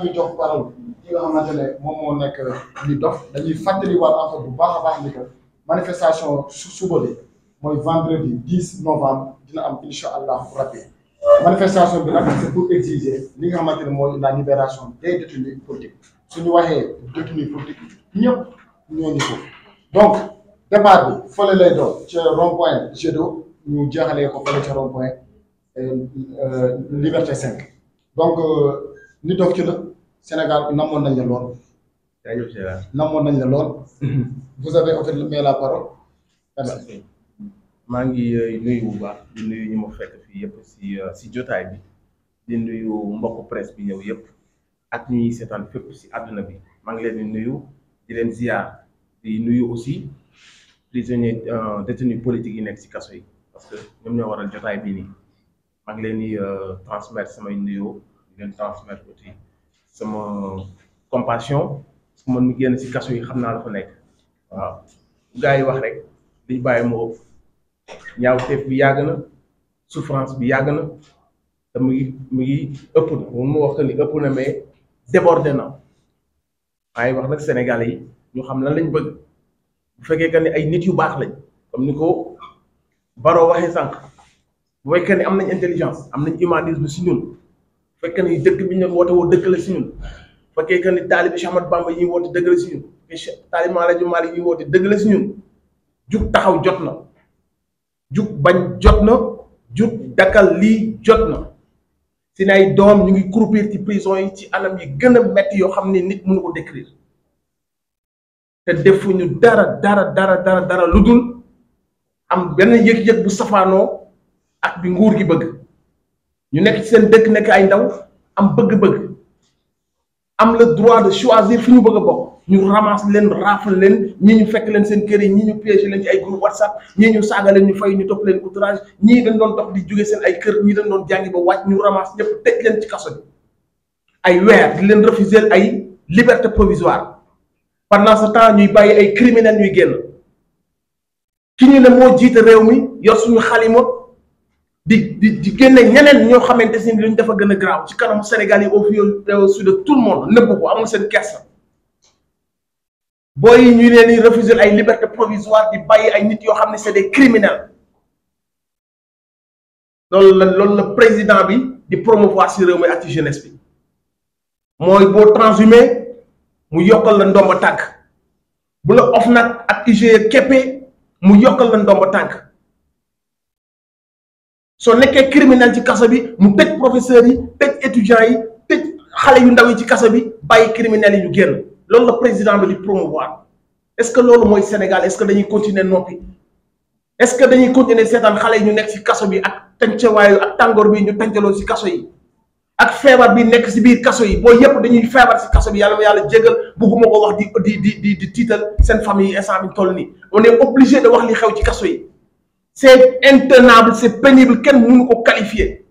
koy jox parole ki nga xamante dof dañuy fàttaliwaat encore bu baax a baax ni que manifestation su suba bi mooy vendredi 10 novembre dina am incha allah rabbi manifestation bi na c'est pour exiger li nga xamante ne mooy la libération des détenus politiques suñu waxee détenus politiques ñëpp ñoo ngi ko donc départ bi fële lay doon ca rond point ñu jeexalee ko fële ca rond point euh, euh, liberté 5 donc. Euh, ni dof ci Sénégal namoon nañ la lool. jaajëf Gérard namoon nañ la lool. vous avez maa ngi euh, nuyu bu di nuyu ñu ma fekk fii yëpp si euh, si jotaay bi di nuyu mbokk presse bi ñëw yëpp ak ñuy seetaan fépp si àdduna bi maa ngi leen di nuyu di leen ziar di nuyu aussi prisonniers euh, détenus politiques yi nekk si kaso yi parce que ñoom ñoo waral jotaay bii nii maa ngi leen di transmettre samay nuyoo. leen transmettre aussi sama compassion man mi génn si kaso yi xam naa la fa nekk waaw gars yi wax rek liñ bàyyi moo ëpp ñaawteef bi yàgg na souffrance bi yàgg na te mu ngi mu ngi ëpp na moom moo wax que ni ëpp na mais débordé na waaye wax nag Sénégalais yi ñu xam lan lañ bëgg bu fekkee que ni ay nit yu baax lañ comme ni ko Baro waxee sànq bu fekkee ni am nañ intelligence am nañ humanisme si ñun. fekkee ni dëkk bi ñu doon woote woo dëkk la si ñun fekkee que ni taalibi Cheikh Ahmadou Bamba yi woote dëgg la si ñun taalib Maalaji Maalik yi woote dëgg la taxaw jot na jug bañ jot na jug dakkal lii jot na seen ay doom ñu ngi croupir ci prison yi ci anam yi gën a metti yoo xam ne nit mënu ko décrire te defuñu dara dara dara dara dara lu dul am benn yëg-yëg bu safaanoo ak bi nguur gi bëgg ñu nekk seen dëkk nekk ay ndaw am bëgg-bëgg am le droit de choisir fi ñu bëgg a bokk ñu ramasse leen raafal leen ñi ñu fekk leen seen kër yi ñi ñu piégé leen ci ay groupe whatsapp ñii ñu saaga leen ñu fay ñu topp leen outrage ñii dañ doon dox di jóge seen ay kër ñii dañ doon jàngi ba wàcc ñu ramasse ñëpp tëj leen ci kaso bi ay weer di leen refuser ay liberté provisoire pendant ce temps ñuy bàyyi ay criminels ñuy génn ki ñu ne moo jiite réew mi yor suñu xalima di di di génne ñeneen ñoo xamante ne luñ dafa gën a garaaw ci kanamu Sénégal yi au fur et à mesure de tout le monde nëbbu ko amul seen kersa booy yi ñu leen di refuser ay liberté provisoire di bàyyi ay nit yoo xam ne c'est des criminels loolu la loolu la président bi di promouvoir si réew mi ak ci jeunesse bi mooy boo transhumé mu yokkal la ndomba tànk bu la OFNAC ak IGE keppe mu yokkal la ndomba tànk. soo nekkee criminel ci kaso bi mu tëj professeurs yi tëj étudiants yi tëj xale yu ndaw yi ci kaso bi bàyyi criminels yi ñu génn loolu la président bi di promouvoir est-ce que loolu mooy Sénégal est-ce que dañuy continuer noppi est-ce que dañuy continuer seetaan xale yi ñu nekk ci kaso bi ak tàncewaayu ak tàngoor bi ñu tàncaloo ci kaso yi ak feebar bi nekk ci biir kaso yi boo yëpp dañuy feebar ci kaso bi yàlla ma yàlla jégal bugguma ko wax di di di seen famille instant bi toll nii on est obligé de wax li xew ci kaso yi. c'est intenable c'est pénible kenn mënu ko qualifier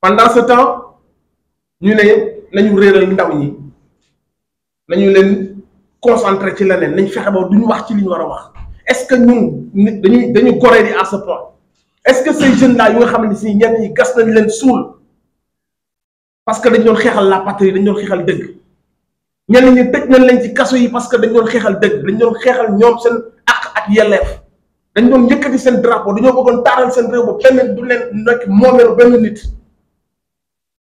pendant ce temps ñu ne nañu réeral ndaw ñi nañu leen concentré ci leneen nañ fexe du duñu wax ci li ñu war a wax est-ce que ñun dañuy dañu goree di à ce point est-ce que ces jeunes là yu nga xam ne si ñenn yi gas nañ leen suul parce que dañ doon xeexal la yi dañ doon xeexal dëgg ñenn ñi tëj nañ leen ci kaso yi parce que dañ doon xeexal dëgg dañ doon xeexal ñoom seen ak yelleef dañ doon yëkkati seen drapeau dañoo bëggoon taaral seen réew ba du leen nekk moomeelu benn nit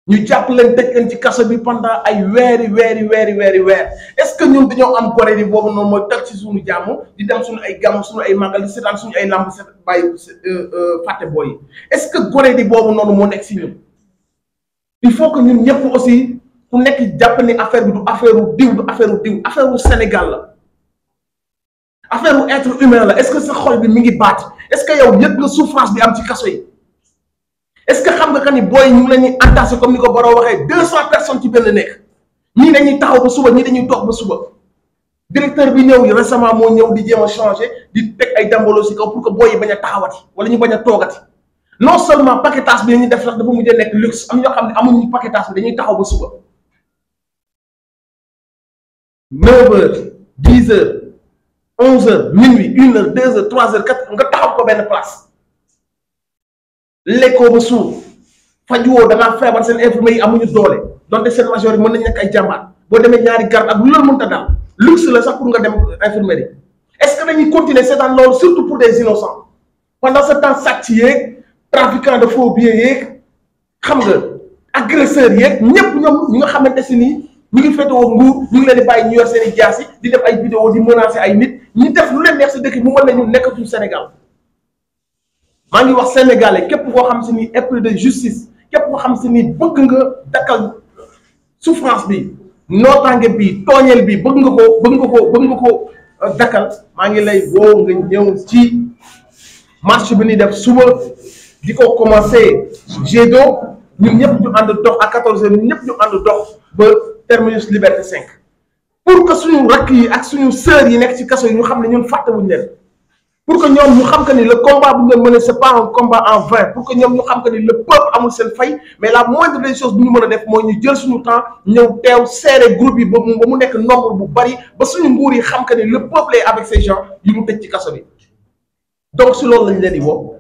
ñu jàpp leen tëj leen ci kaso bi pendant ay weeri weeri weeri weeri weer est-ce que ñun dañoo am gore yi boobu noonu mooy tag ci suñu jàmm di dem suñu ay gàmm suñu ay màggal di suñu ay làmb set bàyyi euh, euh, fàtte booy yi est-ce que gore yi boobu noonu moo nekk si ñun il faut que ñun ñëpp aussi ku nekk jàpp ni affaire bi du affaire diw du affaire diw affaire Sénégal la affaire u être humain la est-ce que sa xol bi mi ngi baat est-ce que yow yëg nga souffrance bi am ci kaso yi est-ce que xam nga que ni booy ñu ngi leen comme ni ko Baro waxee deux cent personnes ci benn nekk ñii dañuy taxaw ba suba ñii dañuy toog ba suba directeur bi ñëw récemment moo ñëw di jéem a changé di teg ay dambaloo si kaw pour que booy yi bañ a taxawati wala ñu bañ a toogati non seulement paquetage bi ñu def sax dafa mujjee nekk luxe am ñoo xam ne amuñu paquetage bi dañuy taxaw ba suba neuf heures onze heures minuit une heure deux heures trois heures quatre nga taxaw ko benn place lekkoo ba suur fajuwoo da feebar seen infirmier yi amuñu doole donte seen major yi mën nañu nekk ay jàmbaar boo demee ñaari garde ak lu la mënta daal luxe la sax pour nga dem infirmerie yi est-ce que dañuy continuer seetaan loolu surtout pour des innocents pendant ce temps sàcc yeeg trafiquant de faux billets yeeg xam nga agresseurs yeeg ñëpp ñoom ñi nga xamante si nii ñu ngi féetewoo nguur ñu ngi leen di bàyyi ñu yor seen i jaas yi di def ay vidéo di menacer ay nit ñu def lu leen neex si dëkk bi mu mën nañu nekkatul Sénégal maa ngi wax sénégalais képp koo xam si ni esprit de justice képp koo xam si ni bëgg nga dakkal souffrance bi nootaange bi tooñeel bi bëgg nga ko bëgg nga ko bëgg nga ko euh, dakkal maa ngi lay woo nga ñëw ci marche bi ñuy def suba di ko commencé Gédo ñun ñëpp ñu ànd dox à 14 heures ñun ñëpp ñu ànd dox terminus liberté cinq pour que suñu rakk yi ak suñu sœurs yi nekk ci kaso yi ñu xam ne ñun fàttewuñu leen pour que ñoom ñu xam que ni le combat bu ñu leen mënee c'est pas un combat en vain pour que ñoom ñu xam que ni la peuple amul seen fay mais la moindre des choses bu ñu mën a def mooy ñu jël suñu temps ñëw teew serré groupe yi ba mu ba mu nekk nombre bu bari ba suñu nguur yi xam que ni le peuple est avec ces gens yi mu tëj ci kaso bi donc si loolu lañ leen di woo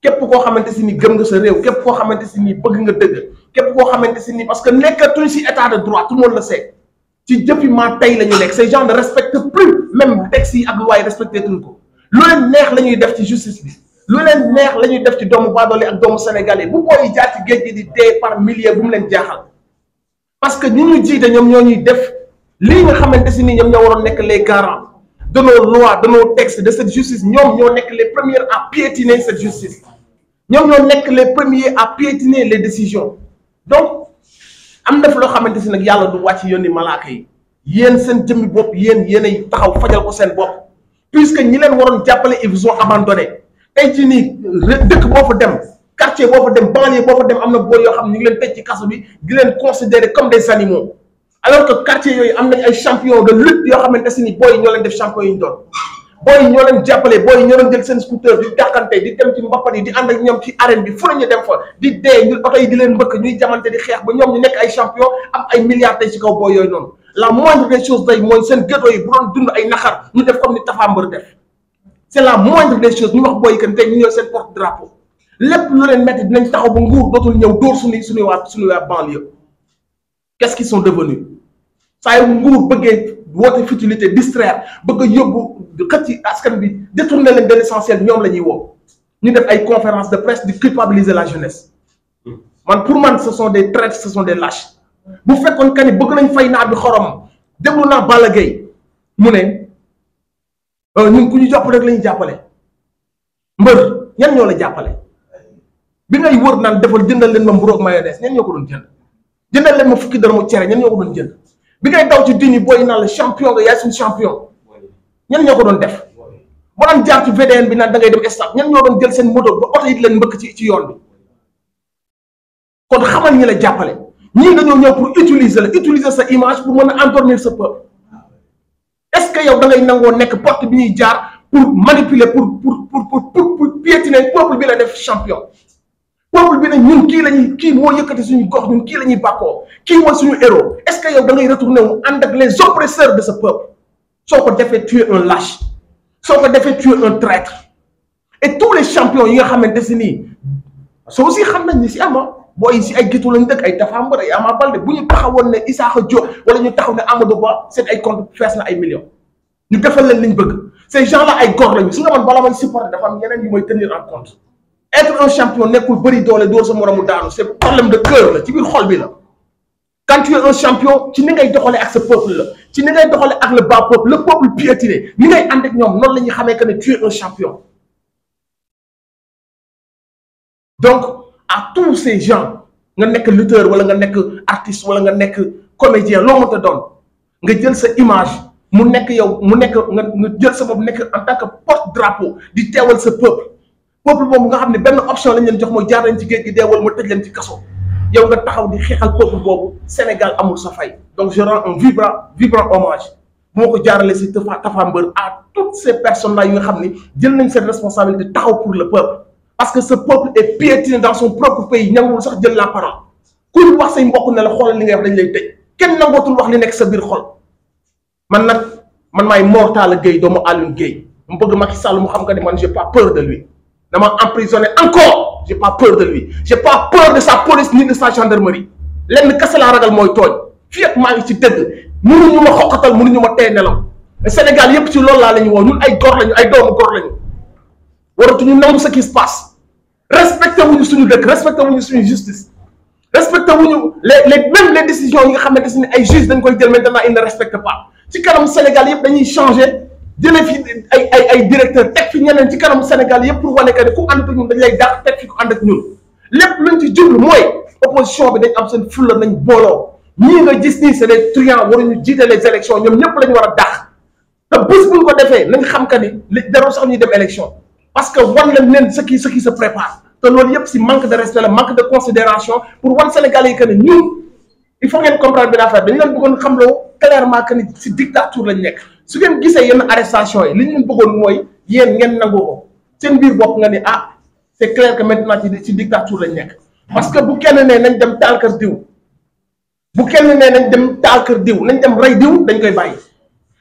képp koo xamante si ni gëm nga sa képp koo xamante si ni bëgg nga dëgg képp koo xamante si ni parce que nekkatuñ si état de droit tout le monde le ci jëfi maa tey la ñu nekk ces gens ne respectent plus même textes yi ak loi yi respecté lu leen neex la ñuy def ci justice bi lu leen neex la ñuy def ci doomu baadoole ak doomu sénégalais bu booy gi di dee par milliers bu mu leen jaaxal parce que ñu ñu jiite ñoom ñoo ñuy def lii nga xamante si ni ñoom ñoo waroon nekk les garants de nos lois de nos textes de cette justice ñoom ñoo nekk les premiers à piétiner cette justice ñoom nekk les premiers à piétiner les décisions donc am def loo xamante si nag yàlla du wàcc yónni malaaka yi yéen seen jëmmi bopp yéen ay taxaw fajal ko seen bopp puisque ñi leen waroon jàppale ils vous ont abandonné tey ci nii dëkk boo fa dem quartier boo fa dem banlieue boo fa dem am na góor yoo xam ne ñu leen tëj ci kaso bi di leen considérer comme des animaux alors que quartier yooyu am nañ ay champion de lutte yoo xamante si ni booy ñoo leen def champion yi ñu doon booy ñoo leen jàppale booy ñoo leen jël seen scooter di dàqante di dem ci mbappat yi di ànd ak ñoom ci arène bi fu ñu dem fa di dee ñu oto yi di leen mbëkk ñuy ñu nekk ay champion am ay milliards tey ci kaw booy yooyu noonu la moindre des choses day bu doon dund ay naxar ñu def comme ni Tapha Mbeur def c'est la moindre des choses ñu wax booy kan tey ñu ñëw seen porte drapeau lépp lu leen metti dinañ taxaw ba nguur dootul ñëw dóor suñuy suñuy waa suñuy waa banlieue quest saa yu nguur bëggee woote futilité distraire bëgg a yóbbu xëcc ci askan bi détourné leen de l'essentiel ñoom la ñuy woo ñu def ay conférence de presse di culpabiliser la jeunesse man pour man ce sont des traîtres ce sont des lâches bu fekkoon kani bëgg nañ fay naa bi xorom déglu naa Balla Gaye mu ne euh, ñun ku ñu jàpp rek la jàppale mbër ñan ñoo la jàppale bi ngay wër naan defal jëndal leen ma mburoog mayonnaise ñan ñoo ko doon jënd jëndal leen ma fukki dërëm mu cere ñan ñoo ko doon jën bi ngay daw ci dini booy naan la champion nga yaay suñu champion ñen ñoo ko doon def boo doon jaar ci VDN bi naan dangay ngay dem stade ñan ñoo doon jël seen moto ba oto yi di leen mbëkk ci yoon bi kon xamal ñi la jàppale ñii dañoo ñëw pour utiliser la utiliser sa image pour mën a endormir sa peuple est-ce que yow da ngay nangoo nekk porte bi ñuy jaar pour manipuler pour pour pour pour piétiner peuple bi la def champion peuple bi ne ñun kii lañuy kii moo yëkkati suñu gox ñun kii la ñuy koo kii mooy suñu héros est-ce que yow da ngay retourner wu ànd de ce peuple soo ko defee tuer un lâche soo ko defee tuer un traître et tous les champions yi nga xamante si nii soo si xam nañ ni si ama booy si ay gétu lañ dëkk ay Tapha Mbeur ay Ama bu ñu taxawoon ne Issakha Diop wala ñu taxaw ne Amadou Ba seen ay compte fees na ay millions ñu defal leen liñ bëgg ces gens là ay góor lañu su nga am yeneen yu may tenir en compte être un champion nekkul bëri doole dóor sa moromu daanu c'est problème de cœur la ci biir xol bi la quand tu un champion ci ni ngay doxalee ak sa peuple la ci ni ngay doxalee ak le bas peuple le peuple piétiné ni ngay ànd ak ñoom noonu la ñuy xamee que ne tu es un champion donc à tous ces gens nga nekk lutteur wala nga nekk artiste wala nga nekk comédien loo mënta doon nga jël sa image mu nekk yow mu nekk nga jël sa bopp nekk en tant que porte di teewal sa peuple peuple boobu nga xam ne benn option lañ leen jox mooy jaar nañ ci géej gi dee wala mu tëj leen ci kaso yow nga taxaw di xeexal peuple boobu Sénégal amul sa fay donc je rends un vibrant vibrant hommage moo ko jaarale si Tafa Tafa Mbeur à toutes ces personnes là yi nga xam ne jël nañ seen responsabilité taxaw pour la peuple parce que ce peuple est piétiné dans son propre pays ñangul sax jël la parole kuñ wax say mbokk ne la xoolal li ngay wax dañ lay tëj kenn nangootul wax li nekk sa biir xol man nag man maay Mor Talla Gueye doomu Alioune Gueye mu bëgg Macky Sall mu xam nga ne man j'ai de lui dama emprisonné encore j'ai pas peur de lui j'ai pas peur de sa police ni de sa gendarmerie lenn kese laa ragal mooy tooñ fii ak maa ngi ci dëgg mënuñu ma xoqatal ñu ma tey nelaw Sénégal yépp ci loolu laa la ñu woo ñun ay góor lañu ay doomu góor lañu waratuñu nangu ce qui se passe respecté wuñu suñu dëkk respecté wuñu suñu justice respecté wuñu les les même les décisions yi nga xamante ne ay juge dañ koy jël maintenant ils ne respectent pas ci kanam Sénégal yépp dañuy changer jëlee fi ay ay directeur teg fi ñeneen ci kanam Sénégal yëpp pour wane que ne ku ànd ak ñun dañ lay dàq teg fi ku ànd ak ñun lépp luñ ci jublu mooy opposition bi dañ am seen fulla nañ booloo ñii nga gis nii c'est des truands waruñu jiite les élections ñoom ñëpp lañu war a dàq te bés buñ ko defee nañ xam que ni li dara sax ñuy dem élection parce que wan lañ leen ce qui ce qui se prépare te loolu yëpp si manque de respect manque de considération pour wan Sénégalais il faut ngeen comprendre benn affaire dañu leen bëggoon xamloo clairement que ni si dictature nekk su ngeen gisee yenn arrestation yi li ñu leen bëggoon mooy yéen ngeen nangu ko seen biir bopp nga ni ah c'est clair que maintenant ci dictature lañ nekk parce que bu kenn nee nañ dem taal kër diw bu kenn nee nañ dem taal kër diw nañ dem rey diw dañ koy bàyyi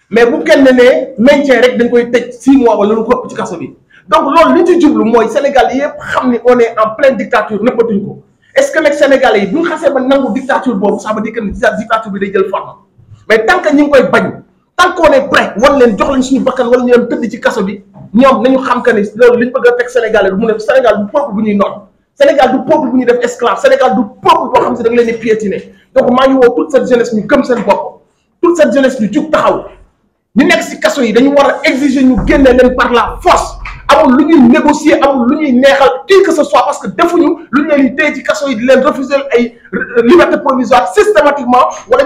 mais bu kenn nee maintien rek dañ koy tëj six mois wala lu ko ci kaso bi donc loolu li ñu ci mooy Sénégal yëpp xam ni on est en pleine dictature nëppatuñ ko est-ce que nag Sénégalais yi bu xasee ba nangu dictature boobu ça veut dire que dictature bi day ñu ngi koy tant qu'on est leen jox lañ suñu bakkan wala ñu leen tëdd ci kaso bi ñoom nañu xam que ni loolu li ñu bëgg a teg Sénégal du mu ne Sénégal du peuple bu ñuy noot Sénégal du peuple bu ñuy def esclave Sénégal du peuple boo ñu gëm seen bopp toute cette jeunesse ñu jug taxaw ñu nekk si kaso yi dañu war a exiger ñu génne leen par la force amul lu ñuy négocier amul lu ñuy neexal qui ce soit parce que defuñu lu ñu leen di téye ci kaso yi di leen refuser ay liberté provisoire systématiquement wala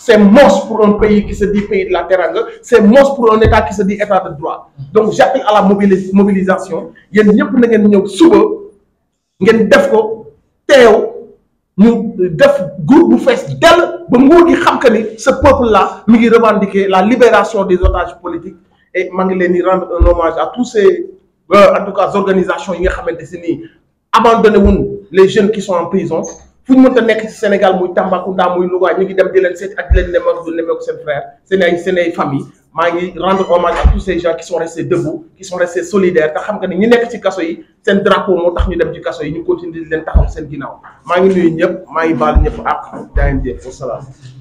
c'est moche pour un pays qui se dit pays de la Teranga c'est moche pour un état qui se dit état de droit donc j'appelle à la mobili mobilisation yéen ñëpp na ngeen ñëw suba ngeen def ko teew ñu def groupe bu fees dell ba nguur gi xam que ni ce peuple la mi ngi revendiquer la libération des otages politiques et maa ngi leen di rendre un hommage à tous ces euh, en tout cas organisations yi nga xamante si nii abandonné wuñ les jeunes qui sont en prison fu ñu mënta nekk ci Sénégal muy Tambacounda muy Louga ñu ngi dem di leen seet ak di leen nemmeeku nemmeeku seen frère seen ay seen ay famille maa ngi rendre hommage à tous ces gens qui sont restés debout qui sont restés solidaires te xam nga ni ñi nekk ci kaso yi seen drapeau moo tax ñu dem ci kaso yi ñu continuer di leen taxaw seen ginnaaw maa ngi nuyu ñëpp maa ngi baal ñëpp ak jaayeen jëf wasalaam